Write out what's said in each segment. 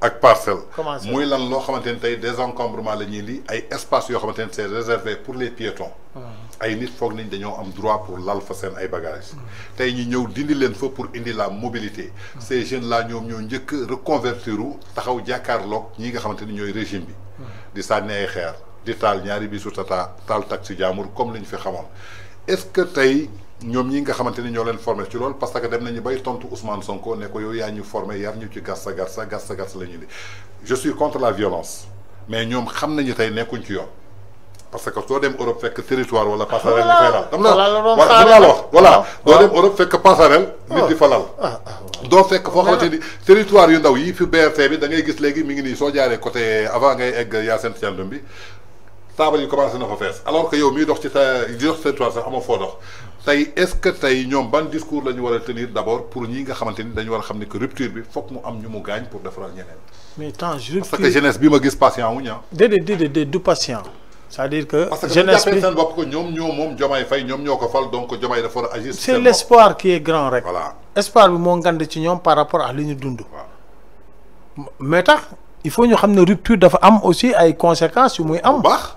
ak parcelle muy lan lo xamantene tay tey désencombrement la ñi li ay espace yo xamantene c'est réservé pour les piétons ah. ay nit foog nañ dañoo am droit pour lal fa seen ay bagages tay ñi ñëw dindi leen fa pour indi la mobilité ces jeunes là ñoom ñoo njëkk reconvertir taxaw jakarlok ñi nga xamantene ñoy régime bi hmm. di sànni ay xeer di taal ñaari bisu tata taal taxi jaamur comme liñ fi xamone est-ce que tay ñom ñi nga xamanteni ñoo leen formé ci lool parce que dem nañu bay tontu Ousmane Sonko ne ko yow yaa ñu formé yar ñu ci gàssa gàssa gàssa gàssa lañu di je suis contre la violence mais ñom xam nañu tay nekkuñ ci yoon parce que soo dem Europe fekk territoire wala passerelle ñu fay na wala la la wax voilà doo dem Europe fekk passerelle oh. nit di falal ah, ah, lal doo fekk foo xamante ni territoire yu ndaw yi fi BRT bi da ngay gis léegi mi ngi nii soo jaaree côté avant ngay egg Yacine Thiandoum bi tabal yi commencé na fa fess alors que yow mi dox ci sa di dox sa toile sax amoo foo dox tey est-ce que tey ñoom ban discours la ñu war a tenir d'abord pour ñi nga xamante ni dañu war a xam ne que rupture bi foog mu am ñu mu gaañ pour defaral ñeneen. mais tant rupture parce que jeunesse bi ma gis patient wu ñu ah. déedéet déedéet du patient. c'est-à-dire que jeunesse bi parce que seen bopp ko ñoom ñoo moom Diomaye Faye ñoom ñoo ko fal donc Diomaye dafa war a agir. c'est l'espoir qui est grand rek. voilà espoir bi moo ngand ci ñoom par rapport à li ñu dund. mais tax il faut ñu xam ne rupture dafa am aussi ay conséquences yu muy am. baax.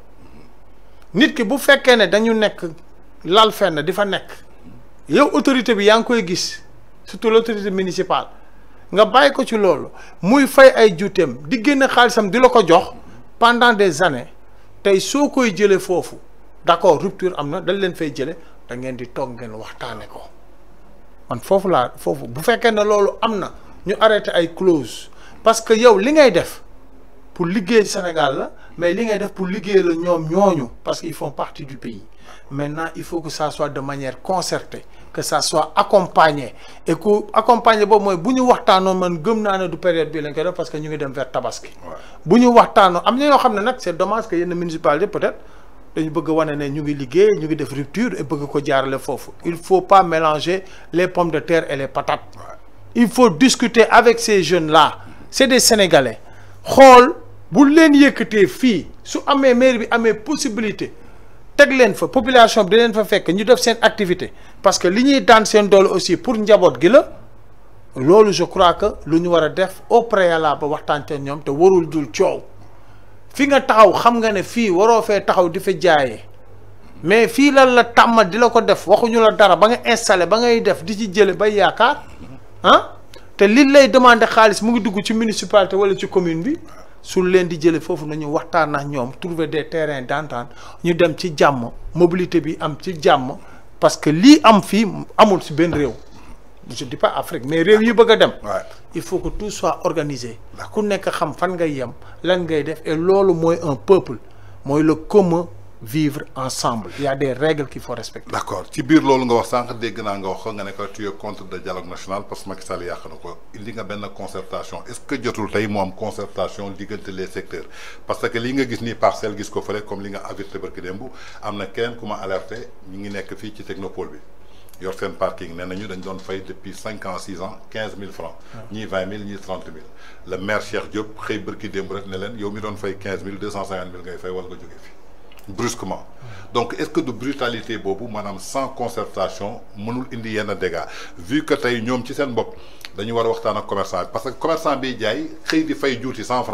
nit ki bu fekkee ne dañu nekk lal fenn di fa nekk yow autorité bi koy l'autorité municipale nga ko ci muy fay ay di di pendant des années tey soo koy jëlee foofu d'accord rupture am na fay di ko man ñu arrêté ay clause parce que yow li ngay def pour liggéey Sénégal mais li ngay def pour liguer les ñom parce qu'ils font partie du pays maintenant il faut que ça soit de manière concertée que ça soit accompagné et que accompagné boobu mooy bu ñu waxtaanoo man gëm ne du période bii lañ def parce que ñu ngi dem vers tabaski. Si ñu waxtaanoo am na yoo c'est dommage que yenn municipalité peut-être dañu bëgg a que nous ñu ngi liggéey ñu ngi def rupture et bëgg ko jaarale foofu il faut pas mélanger les pommes de terre et les patates. il faut discuter avec ces jeunes là c'est des sénégalais xool bu leen yëkkatee fi, su amé maire bi amé possibilité teg fa population bi di fait fa fekk ñu def une activité parce que li dans daan seen aussi pour une gi la loolu je crois que lu ñu war def au préalable ba waxtaan ca ñoom te warul jul coow fi nga taxaw xam nga ne fii taxaw di fe jaayee mais fi la la tàmm di la ko def waxuñu la dara ba nga installé ba ngay def di ci jële bay yaakaar ah te li lay demandé xaalis mu ngi dugg ci municipalité wala ci commune bi su leen di jëlee foofu nañu waxtaan ak ñoom trouver des terrains d'entente ñu dem ci jàmm mobilité bi am ci jàmm parce que lii am fii amul si benn réew je dis pas Afrique mais réew yi bëgg dem il faut que tout soit organisé ku nekk xam fan ngay yem lan ngay def et loolu mooy un peuple mooy le commun vivre ensemble. Il y a des règles qu'il faut respecter. D'accord. Si biir lolu nga wax sank deg tu es contre le dialogue national parce que Macky Sall yakh nako. Il dit nga ben concertation. Est-ce que jotul tay mo am concertation digënté les secteurs parce que li nga gis ni parcelle gis ko fele comme li nga avertir barki dembu amna qui kuma alerté ñi ngi nek fi ci technopole bi. Yor sen parking nena ñu dañ doon fait depuis 5 ans 6 ans 15 000 francs ni 20 000 ni 30 000. Le maire cher dieu xey a fait rek ne len yow mi doon 15 000 250 000 ngay fay wala nga joggé brusquement donc est-ce que de brutalité boobu madame sans concertation mënul indi des dégâts vu que nous ñoom ci seen bopp dañu war a un commerçant parce que commerçant bi a des di fay juuti francs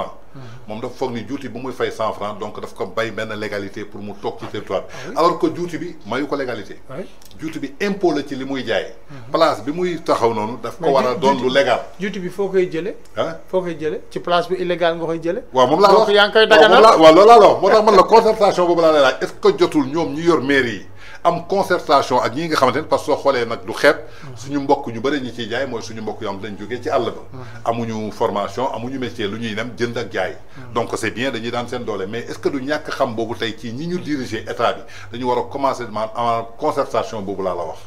moom dafa foog ni juuti bu muy fay cent franc donc daf ko bay benn légalité pour mu toog ci territoire ah alors que juuti bi mayu ko légalité ah juuti bi impôt la ci li muy jaay mhm. place bi muy taxaw noonu daf ko war a doon lu légal juuti bi foo koy jële ah foo koy jële ci place bi illégal nga koy jële waaw moom laa wax yaa ngi koy daganal waaw loolu laa wax moo tax man la concertation boobu laa lay laaj est-ce que jotul ñoom ñu yor mairie yi am concertation ak ñi nga xamantene parce que xolé nak du xeet suñu mbokk ñu bari ñi ci jaay moy suñu mbokk yu am dañ joggé ci Allah ba amuñu formation amuñu métier lu ñuy dem jënd ak jaay donc c'est bien dañuy daan seen doole mais est-ce que du ñak xam bobu tay ci ñi ñu diriger état bi dañu wara a commencer maanaam concertation bobu la la wax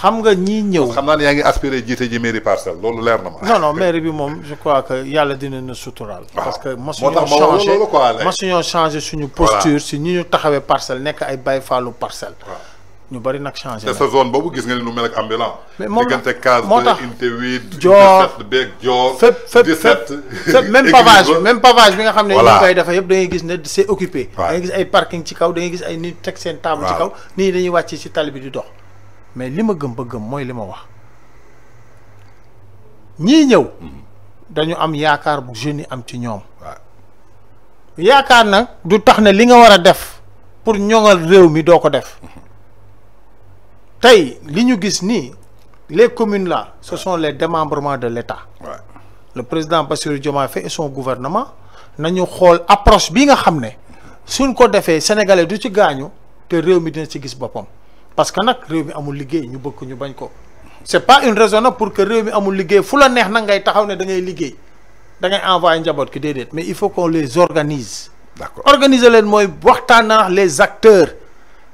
xam nga ñi ñëw xam naa ne yaa ngi aspiré jiite ji mairie parcel loolu leer na ma. non non mairie bi mom je crois que yalla dina na sutural parce que masuñoo changé masuñoo changé suñu posture si ñi ñu taxawé parcel nek ay bay fallu parcel ñu bari nag changé te boobu gis nga ni nu mel ak ambulant. mais moom la moo tax unité huit. joor beeg joor. fépp fépp fépp même pavage bi même pavage bi nga xam ne. voilà ñu koy defee yëpp da gis ne c'est occupé. da ngay gis ay parking ci kaw da gis ay nit teg seen table. ci kaw nii dañuy wàcc ci tali bi di dox. mais li ma gëm ba gëm mooy li ma wax ñii ñëw. Mhm. dañu am yaakaar bu jeunes yi am ci ñoom. yaakaar nag du tax ne li nga war a def pour ñoŋal réew mi doo ko def. Mhm. tey li ñu gis les communes là ce sont les démembrements de l'État le président Bassirou Diomaye Faye et son gouvernement nañu xool approche bi nga xam ne suñ ko defee sénégalais du ci gaañu te réew mi dina ci gis boppam parce que nag réew mi amul liggéey ñu bëgg ñu bañ ko c'est pas une raison pour que réew mi amul liggéey fu la neex nag ngay taxaw ne da ngay liggéey da ngay envoyé njaboot ki déedéet mais il faut qu'on les organise d'accord organiser leen mooy waxtaan na les acteurs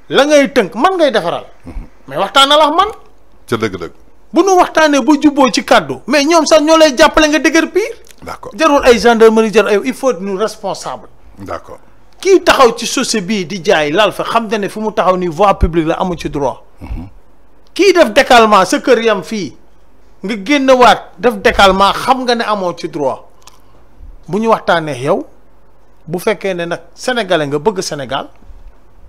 la ngay tënk man ngay defaral mhm. mais waxtaana lax man. ca dëgg-dëgg. bu nu waxtaanee ba jubboo ci kàddu. mais ñoom sax ñoo lay jàppale nga dëgër piir. d'accord jarul ay gendarmerie jarul ay il faut nous responsable. d'accord kii taxaw ci société bii di jaay laal fa xam te ne fu mu taxaw ni voie publique la amu ci droit. Mhm. kii def décalement sa kër yam fii nga génn waat def décalement xam nga ne amoo ci droit bu ñu waxtaanee yow bu fekkee ne nag sénégalais nga bëgg Sénégal.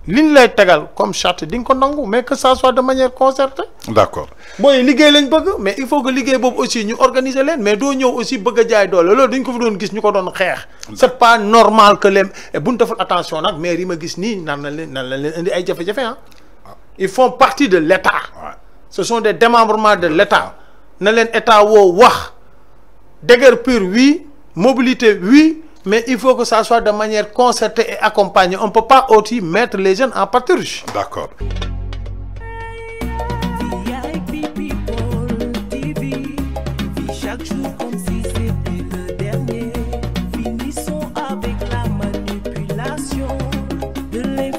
liñ lay tegal comme charte di ko nangu mais que ça soit de manière concertée. d' accord booy liggéey lañ bëgg mais il faut que liggéey boobu aussi ñu organiser leen mais doo ñëw aussi bëgg a jaay doole loolu dañ ko fi doon gis ñu ko doon xeex. c' est pas normal que leen eh, bu ñu deful attention nag maire yi ma gis nii nan la leen nan la leen indi ay jafe-jafe ah. ah. ils font partie de l'État. état. ce sont des démembrements de l' état na leen état woo wax déguerpir oui mobilité oui mais il faut que ça soit de manière concertée et accompagnée. On ne peut pas aussi mettre les jeunes en pâturage. D'accord.